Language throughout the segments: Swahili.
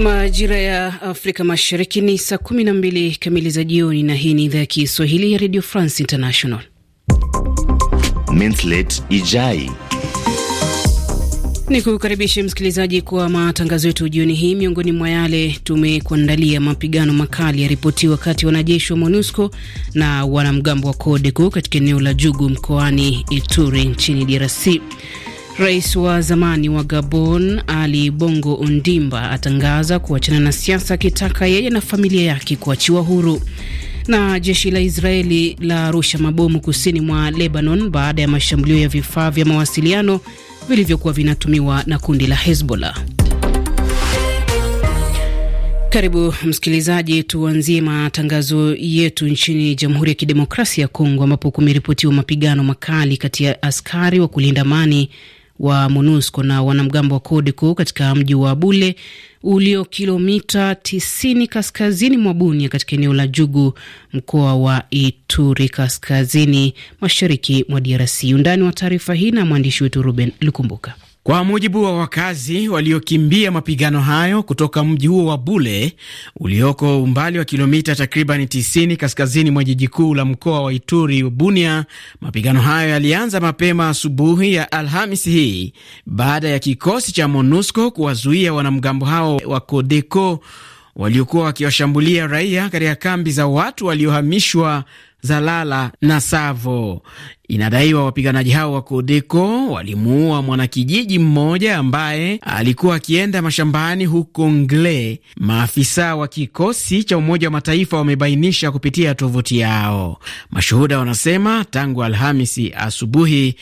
Majira ya Afrika Mashariki ni saa 12 kamili za jioni, na hii ni idhaa ya Kiswahili ya Radio France International. Mintlet Ijai ni kukaribisha msikilizaji kwa matangazo yetu jioni hii. Miongoni mwa yale tumekuandalia: mapigano makali yaripotiwa kati ya wanajeshi wa MONUSCO na wanamgambo wa CODECO katika eneo la Jugu mkoani Ituri nchini DRC. Rais wa zamani wa Gabon Ali Bongo Ondimba atangaza kuachana na siasa, akitaka yeye na familia yake kuachiwa huru. Na jeshi la Israeli la rusha mabomu kusini mwa Lebanon baada ya mashambulio ya vifaa vya mawasiliano vilivyokuwa vinatumiwa na kundi la Hezbollah. Karibu msikilizaji, tuanzie matangazo yetu nchini Jamhuri ya Kidemokrasia ya Kongo ambapo kumeripotiwa mapigano makali kati ya askari wa kulinda amani wa MONUSCO na wanamgambo wa kodi katika mji wa Bule ulio kilomita 90 kaskazini mwa Bunia katika eneo la Jugu, mkoa wa Ituri, kaskazini mashariki mwa DRC. Undani wa taarifa hii na mwandishi wetu Ruben Lukumbuka. Kwa mujibu wa wakazi waliokimbia mapigano hayo kutoka mji huo wa Bule ulioko umbali wa kilomita takriban 90 kaskazini mwa jiji kuu la mkoa wa Ituri, Bunia, mapigano hayo yalianza mapema asubuhi ya Alhamisi hii baada ya kikosi cha MONUSCO kuwazuia wanamgambo hao wa kodeco waliokuwa wakiwashambulia raia katika kambi za watu waliohamishwa za Lala na Savo. Inadaiwa wapiganaji hao wa Kodeko walimuua mwanakijiji mmoja ambaye alikuwa akienda mashambani huko Ngle. Maafisa wa kikosi cha Umoja wa Mataifa wamebainisha kupitia tovuti yao. Mashuhuda wanasema tangu Alhamisi asubuhi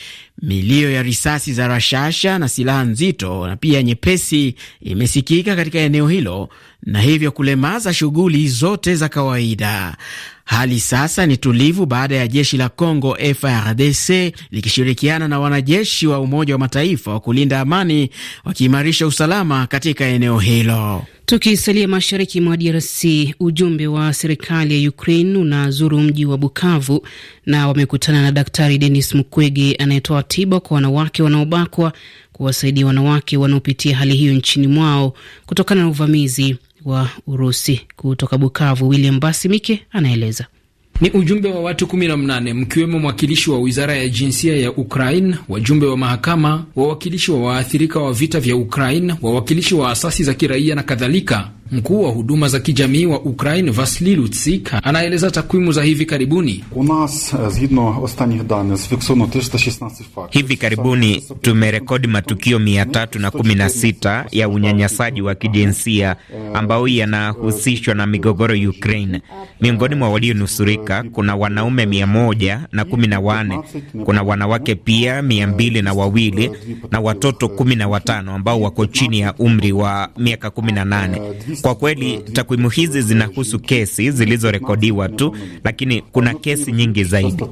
milio ya risasi za rashasha na silaha nzito na pia nyepesi imesikika katika eneo hilo na hivyo kulemaza shughuli zote za kawaida. Hali sasa ni tulivu baada ya jeshi la Congo FARDC likishirikiana na wanajeshi wa Umoja wa Mataifa wa kulinda amani wakiimarisha usalama katika eneo hilo. Tukisalia mashariki mwa DRC, ujumbe wa serikali ya Ukraine unazuru mji wa Bukavu na wamekutana na Daktari Denis Mukwege anayetoa tiba kwa wanawake wanaobakwa, kuwasaidia wanawake wanaopitia hali hiyo nchini mwao kutokana na uvamizi wa Urusi. Kutoka Bukavu, William Basimike anaeleza. Ni ujumbe wa watu 18 mkiwemo mwakilishi wa wizara ya jinsia ya Ukraine, wajumbe wa mahakama, wawakilishi wa waathirika wa vita vya Ukraine, wawakilishi wa asasi za kiraia na kadhalika. Mkuu wa huduma za kijamii wa Ukraine Vasli Lutsika anaeleza takwimu za hivi karibuni. E, hivi karibuni tumerekodi matukio mia tatu na kumi sita ya unyanyasaji wa kijinsia ambayo yanahusishwa na migogoro Ukraine. Miongoni mwa walionusurika kuna wanaume na wane kuna wanawake pia mbili na wawili na watoto watano ambao wako chini ya umri wa miaka nane kwa kweli takwimu hizi zinahusu kesi zilizorekodiwa tu, lakini kuna kesi nyingi zaidi.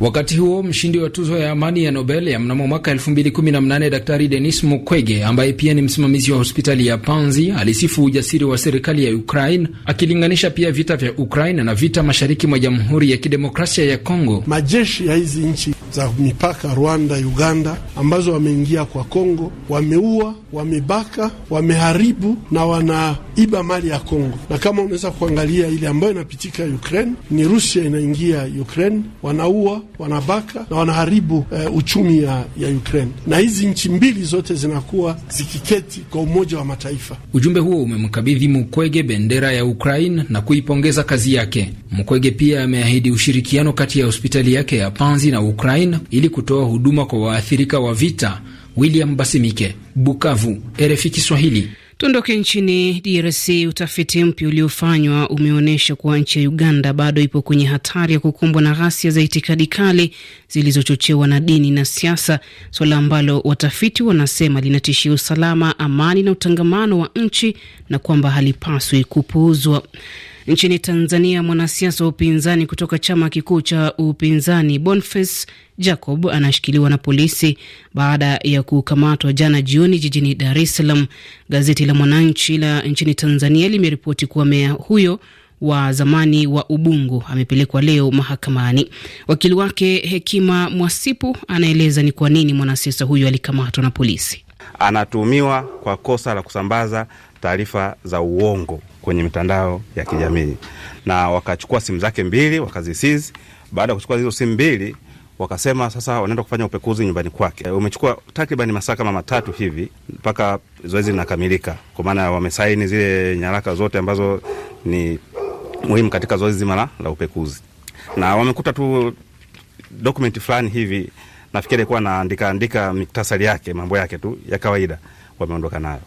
Wakati huo mshindi wa tuzo ya amani ya Nobel ya mnamo mwaka 2018 Daktari Denis Mukwege ambaye pia ni msimamizi wa hospitali ya Panzi alisifu ujasiri wa serikali ya Ukraine akilinganisha pia vita vya Ukraine na vita mashariki mwa Jamhuri ya Kidemokrasia ya Kongo. Majeshi ya hizi nchi za mipaka Rwanda, Uganda ambazo wameingia kwa Kongo, wameua, wamebaka, wameharibu na wanaiba mali ya Kongo. Na kama unaweza kuangalia ile ambayo inapitika Ukraine, ni Rusia inaingia Ukraine, wanaua, wanabaka na wanaharibu e, uchumi ya, ya Ukraine, na hizi nchi mbili zote zinakuwa zikiketi kwa Umoja wa Mataifa. Ujumbe huo umemkabidhi Mukwege bendera ya Ukraine na kuipongeza kazi yake. Mukwege pia ameahidi ushirikiano kati ya hospitali yake ya Panzi na Ukraine Ukraine ili kutoa huduma kwa waathirika wa vita. William Basimike, Bukavu, RFI Kiswahili. Tuondoke nchini DRC. Utafiti mpya uliofanywa umeonyesha kuwa nchi ya Uganda bado ipo kwenye hatari ya kukumbwa na ghasia za itikadi kali zilizochochewa na dini na siasa, suala ambalo watafiti wanasema linatishia usalama, amani na utangamano wa nchi na kwamba halipaswi kupuuzwa. Nchini Tanzania, mwanasiasa wa upinzani kutoka chama kikuu cha upinzani Boniface Jacob anashikiliwa na polisi baada ya kukamatwa jana jioni jijini Dar es Salaam. Gazeti la Mwananchi la nchini Tanzania limeripoti kuwa meya huyo wa zamani wa Ubungo amepelekwa leo mahakamani. Wakili wake Hekima Mwasipu anaeleza ni kwa nini mwanasiasa huyo alikamatwa na polisi. Anatuhumiwa kwa kosa la kusambaza taarifa za uongo kwenye mitandao ya kijamii, na wakachukua simu zake mbili wakazisizi. Baada ya kuchukua hizo simu mbili wakasema sasa wanaenda kufanya upekuzi nyumbani kwake. Eh, umechukua takriban masaa kama matatu hivi mpaka zoezi linakamilika, kwa maana wamesaini zile nyaraka zote ambazo ni muhimu katika zoezi zima la, la upekuzi, na wamekuta tu dokumenti fulani hivi, nafikiri kuwa anaandika andika miktasari yake mambo yake tu ya kawaida, wameondoka nayo.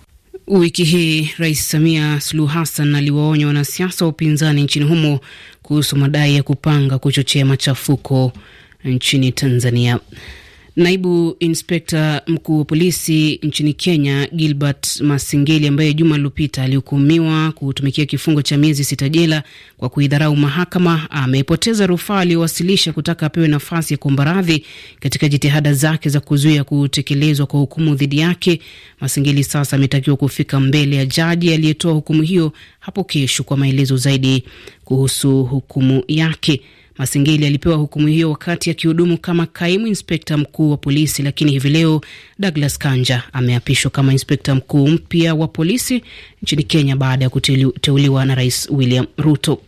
Wiki hii Rais Samia Suluhu Hassan aliwaonya wanasiasa wa upinzani nchini humo kuhusu madai ya kupanga kuchochea machafuko nchini Tanzania. Naibu inspekta mkuu wa polisi nchini Kenya Gilbert Masingeli, ambaye juma lilopita alihukumiwa kutumikia kifungo cha miezi sita jela kwa kuidharau mahakama, amepoteza rufaa aliyowasilisha kutaka apewe nafasi ya kuomba radhi katika jitihada zake za kuzuia kutekelezwa kwa hukumu dhidi yake. Masingeli sasa ametakiwa kufika mbele ya jaji aliyetoa hukumu hiyo hapo kesho kwa maelezo zaidi kuhusu hukumu yake. Masengeli alipewa hukumu hiyo wakati akihudumu kama kaimu inspekta mkuu wa polisi, lakini hivi leo Douglas Kanja ameapishwa kama inspekta mkuu mpya wa polisi nchini Kenya baada ya kuteuliwa na Rais William Ruto.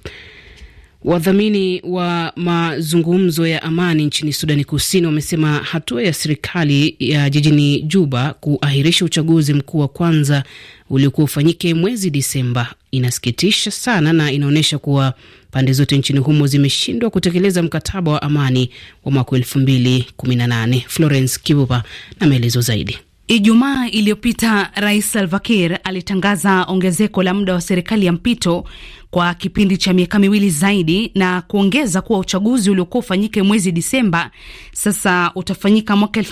Wadhamini wa mazungumzo ya amani nchini Sudani Kusini wamesema hatua ya serikali ya jijini Juba kuahirisha uchaguzi mkuu wa kwanza uliokuwa ufanyike mwezi Disemba inasikitisha sana na inaonyesha kuwa pande zote nchini humo zimeshindwa kutekeleza mkataba wa amani wa mwaka elfu mbili kumi na nane. Florence Kibuba na maelezo zaidi. Ijumaa iliyopita Rais Salva Kiir alitangaza ongezeko la muda wa serikali ya mpito kwa kipindi cha miaka miwili zaidi na kuongeza kuwa uchaguzi uliokuwa ufanyike mwezi Disemba sasa utafanyika mwaka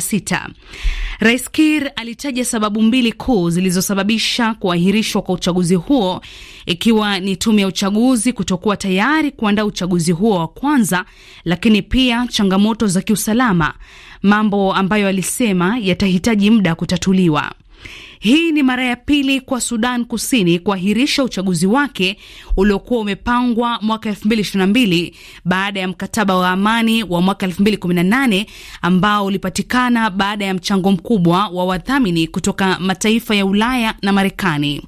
sita. Rais Kiir alitaja sababu mbili kuu zilizosababisha kuahirishwa kwa uchaguzi huo, ikiwa ni tume ya uchaguzi kutokuwa tayari kuandaa uchaguzi huo wa kwanza, lakini pia changamoto za kiusalama mambo ambayo alisema yatahitaji muda kutatuliwa. Hii ni mara ya pili kwa Sudan Kusini kuahirisha uchaguzi wake uliokuwa umepangwa mwaka 2022 baada ya mkataba wa amani wa mwaka 2018 ambao ulipatikana baada ya mchango mkubwa wa wadhamini kutoka mataifa ya Ulaya na Marekani.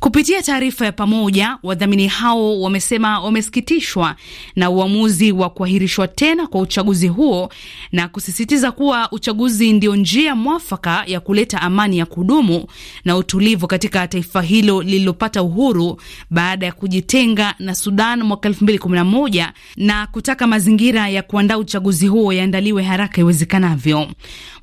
Kupitia taarifa ya pamoja, wadhamini hao wamesema wamesikitishwa na uamuzi wa kuahirishwa tena kwa uchaguzi huo na kusisitiza kuwa uchaguzi ndio njia mwafaka ya kuleta amani ya kudumu na utulivu katika taifa hilo lililopata uhuru baada ya kujitenga na Sudan mwaka 2011 na kutaka mazingira ya kuandaa uchaguzi huo yaandaliwe haraka iwezekanavyo.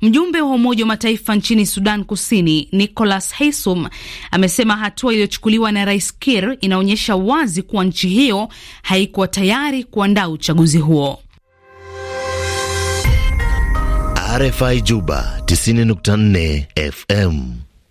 Mjumbe wa Umoja wa Mataifa nchini Sudan Kusini Nicholas Haysom amesema hatua iliyochukuliwa na Rais kir inaonyesha wazi kuwa nchi hiyo haikuwa tayari kuandaa uchaguzi huo. RFI Juba 90.4 FM.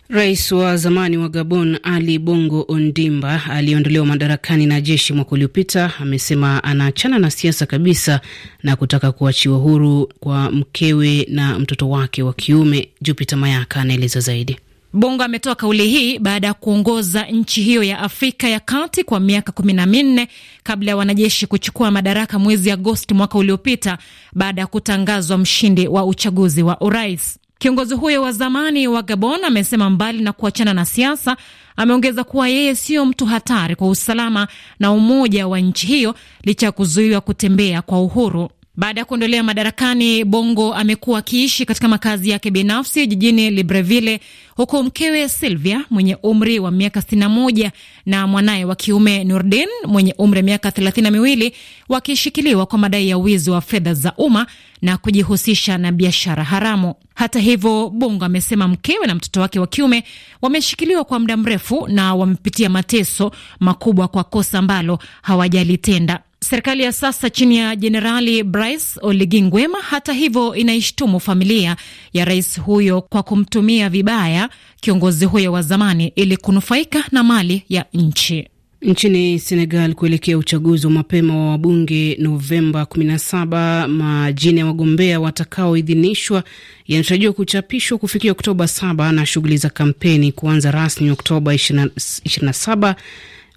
Rais wa zamani wa Gabon Ali Bongo Ondimba aliyeondolewa madarakani na jeshi mwaka uliopita amesema anaachana na siasa kabisa na kutaka kuachiwa huru kwa mkewe na mtoto wake wa kiume. Jupiter Mayaka anaeleza zaidi. Bongo ametoa kauli hii baada ya kuongoza nchi hiyo ya Afrika ya Kati kwa miaka kumi na minne kabla ya wanajeshi kuchukua madaraka mwezi Agosti mwaka uliopita baada ya kutangazwa mshindi wa uchaguzi wa urais. Kiongozi huyo wa zamani wa Gabon amesema mbali na kuachana na siasa, ameongeza kuwa yeye siyo mtu hatari kwa usalama na umoja wa nchi hiyo licha ya kuzuiwa kutembea kwa uhuru. Baada ya kuondolewa madarakani, Bongo amekuwa akiishi katika makazi yake binafsi jijini Libreville, huku mkewe Silvia mwenye umri wa miaka 61 na mwanaye wa kiume Nurdin mwenye umri wa miaka thelathini na miwili wakishikiliwa kwa madai ya wizi wa fedha za umma na kujihusisha na biashara haramu. Hata hivyo, Bongo amesema mkewe na mtoto wake wa kiume wameshikiliwa kwa muda mrefu na wamepitia mateso makubwa kwa kosa ambalo hawajalitenda. Serikali ya sasa chini ya Jenerali Brice Oligui Nguema, hata hivyo, inaishtumu familia ya rais huyo kwa kumtumia vibaya kiongozi huyo wa zamani ili kunufaika na mali ya nchi. Nchini Senegal, kuelekea uchaguzi wa mapema wa wabunge Novemba 17, majina ya wagombea watakaoidhinishwa yanatarajiwa kuchapishwa kufikia Oktoba 7 na shughuli za kampeni kuanza rasmi Oktoba 27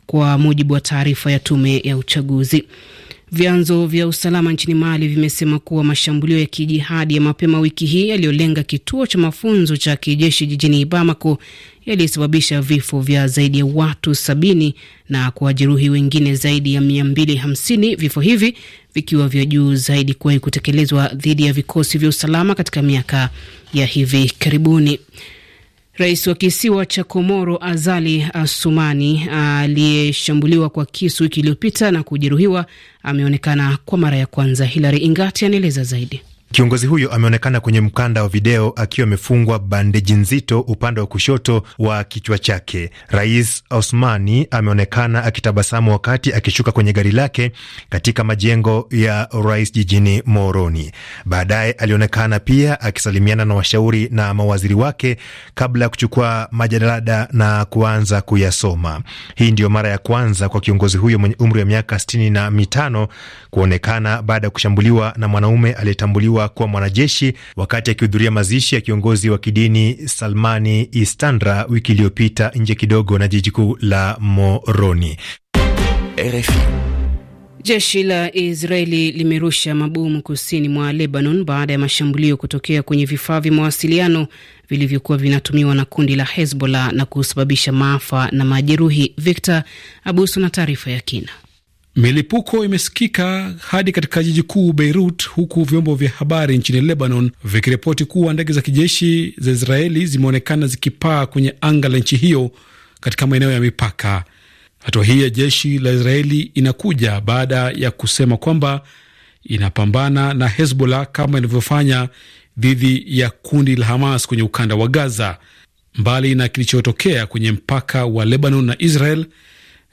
kwa mujibu wa taarifa ya tume ya uchaguzi. Vyanzo vya usalama nchini Mali vimesema kuwa mashambulio ya kijihadi ya mapema wiki hii yaliyolenga kituo cha mafunzo cha kijeshi jijini Bamako yaliyosababisha vifo vya zaidi ya watu sabini na kuwajeruhi wengine zaidi ya hamsini, vifo hivi vikiwa vya juu zaidi kuwahi kutekelezwa dhidi ya vikosi vya usalama katika miaka ya hivi karibuni. Rais wa kisiwa cha Komoro Azali Asumani aliyeshambuliwa kwa kisu wiki iliyopita na kujeruhiwa ameonekana kwa mara ya kwanza. Hilary Ingati anaeleza zaidi. Kiongozi huyo ameonekana kwenye mkanda wa video akiwa amefungwa bandeji nzito upande wa kushoto wa kichwa chake. Rais Osmani ameonekana akitabasamu wakati akishuka kwenye gari lake katika majengo ya rais jijini Moroni. Baadaye alionekana pia akisalimiana na washauri na mawaziri wake kabla ya kuchukua majalada na kuanza kuyasoma. Hii ndiyo mara ya kwanza kwa kiongozi huyo mwenye umri wa miaka sitini na mitano kuonekana baada ya kushambuliwa na mwanaume aliyetambuliwa kuchaguliwa kwa mwanajeshi wakati akihudhuria mazishi ya kiongozi wa kidini Salmani Istandra wiki iliyopita nje kidogo na jiji kuu la Moroni. RFI. Jeshi la Israeli limerusha mabomu kusini mwa Lebanon baada ya mashambulio kutokea kwenye vifaa vya mawasiliano vilivyokuwa vinatumiwa na kundi la Hezbollah na kusababisha maafa na majeruhi. Victor Abuso na taarifa ya kina. Milipuko imesikika hadi katika jiji kuu Beirut, huku vyombo vya habari nchini Lebanon vikiripoti kuwa ndege za kijeshi za Israeli zimeonekana zikipaa kwenye anga la nchi hiyo katika maeneo ya mipaka. Hatua hii ya jeshi la Israeli inakuja baada ya kusema kwamba inapambana na Hezbollah kama ilivyofanya dhidi ya kundi la Hamas kwenye ukanda wa Gaza. Mbali na kilichotokea kwenye mpaka wa Lebanon na Israel,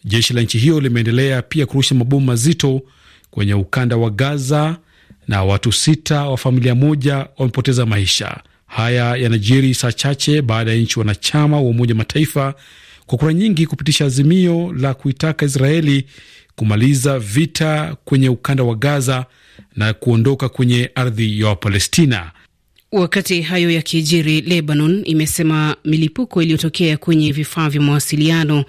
Jeshi la nchi hiyo limeendelea pia kurusha mabomu mazito kwenye ukanda wa Gaza na watu sita wa familia moja wamepoteza maisha. Haya yanajiri saa chache baada ya nchi wanachama wa Umoja Mataifa kwa kura nyingi kupitisha azimio la kuitaka Israeli kumaliza vita kwenye ukanda wa Gaza na kuondoka kwenye ardhi ya Wapalestina. Wakati hayo yakijiri, Lebanon imesema milipuko iliyotokea kwenye vifaa vya mawasiliano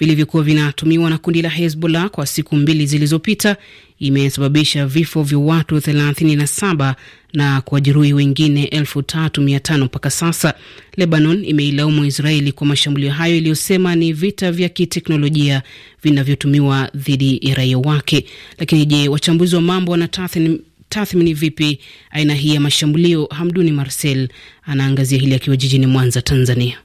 vilivyokuwa vinatumiwa na kundi la Hezbollah kwa siku mbili zilizopita imesababisha vifo vya watu 37 na kuwajeruhi wengine 3500 mpaka sasa. Lebanon imeilaumu Israeli kwa mashambulio hayo iliyosema ni vita vya kiteknolojia vinavyotumiwa dhidi ya raia wake. Lakini je, wachambuzi wa mambo wanatathmini tathmini vipi aina hii ya mashambulio? Hamduni Marcel anaangazia hili akiwa jijini Mwanza, Tanzania.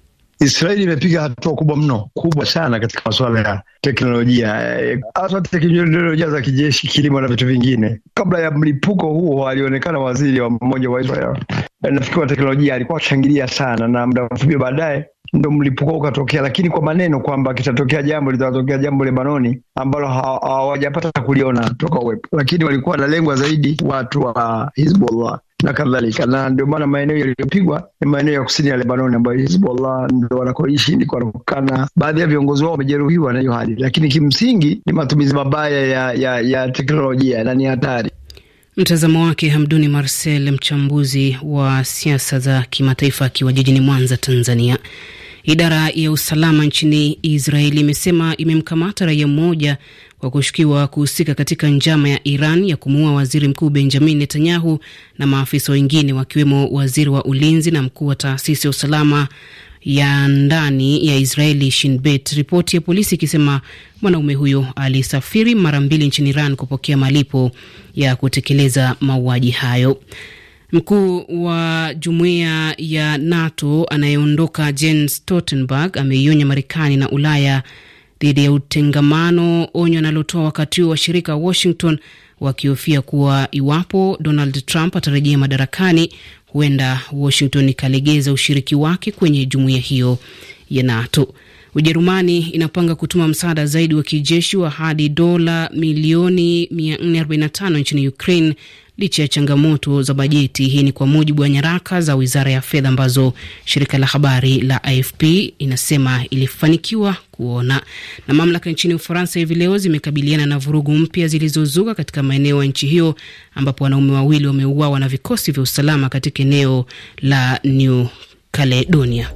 Israeli imepiga hatua kubwa mno, kubwa sana katika masuala ya teknolojia, hasa teknolojia za kijeshi, kilimo na vitu vingine. Kabla ya mlipuko huo, alionekana waziri wa mmoja wa Israel, nafikiri wa teknolojia, alikuwa akishangilia sana, na muda mfupi baadaye ndo mlipuko ukatokea, lakini kwa maneno kwamba kitatokea jambo litatokea jambo Lebanoni ambalo hawajapata ha, kuliona toka uwepo, lakini walikuwa lengwa zaidi watu wa Hizbullah na kadhalika, na ndio maana maeneo yaliyopigwa ni maeneo ya kusini ya Lebanoni ambayo Hizbollah ndo wanakoishi, ndiko wanakokana. Baadhi ya viongozi wao wamejeruhiwa na hiyo hali, lakini kimsingi ni matumizi mabaya ya, ya, ya teknolojia na ni hatari. Mtazamo wake Hamduni Marcel, mchambuzi wa siasa za kimataifa, akiwa jijini Mwanza, Tanzania. Idara ya usalama nchini Israeli imesema imemkamata raia mmoja kwa kushukiwa kuhusika katika njama ya Iran ya kumuua waziri mkuu Benjamin Netanyahu na maafisa wengine wakiwemo waziri wa ulinzi na mkuu wa taasisi ya usalama ya ndani ya Israeli shinbet Ripoti ya polisi ikisema mwanaume huyo alisafiri mara mbili nchini Iran kupokea malipo ya kutekeleza mauaji hayo. Mkuu wa jumuiya ya NATO anayeondoka Jens Stoltenberg ameionya Marekani na Ulaya dhidi ya utengamano, onyo analotoa wakati huo washirika Washington wakihofia kuwa iwapo Donald Trump atarejea madarakani, huenda Washington ikalegeza ushiriki wake kwenye jumuiya hiyo ya NATO. Ujerumani inapanga kutuma msaada zaidi wa kijeshi wa hadi dola milioni 445 nchini Ukraine licha ya changamoto za bajeti. Hii ni kwa mujibu wa nyaraka za wizara ya fedha ambazo shirika la habari la AFP inasema ilifanikiwa kuona. Na mamlaka nchini Ufaransa hivi leo zimekabiliana na vurugu mpya zilizozuka katika maeneo ya nchi hiyo, ambapo wanaume wawili wameuawa na vikosi vya usalama katika eneo la New Caledonia.